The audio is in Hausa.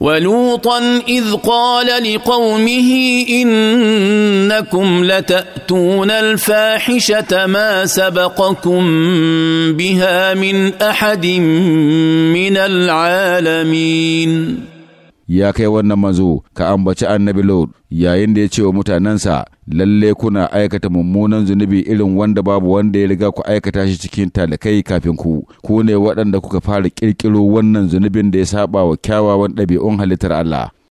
ولوطا اذ قال لقومه انكم لتاتون الفاحشه ما سبقكم بها من احد من العالمين ya kai wannan manzo ka ambaci annabi Lord yayin da ya ce wa mutanensa lalle kuna aikata mummunan zunubi irin wanda babu wanda ya riga ku aikata shi cikin talakai kafin ku ku ne waɗanda kuka fara ƙirƙiro wannan zunubin da ya saba wa kyawawan ɗabi'un halittar Allah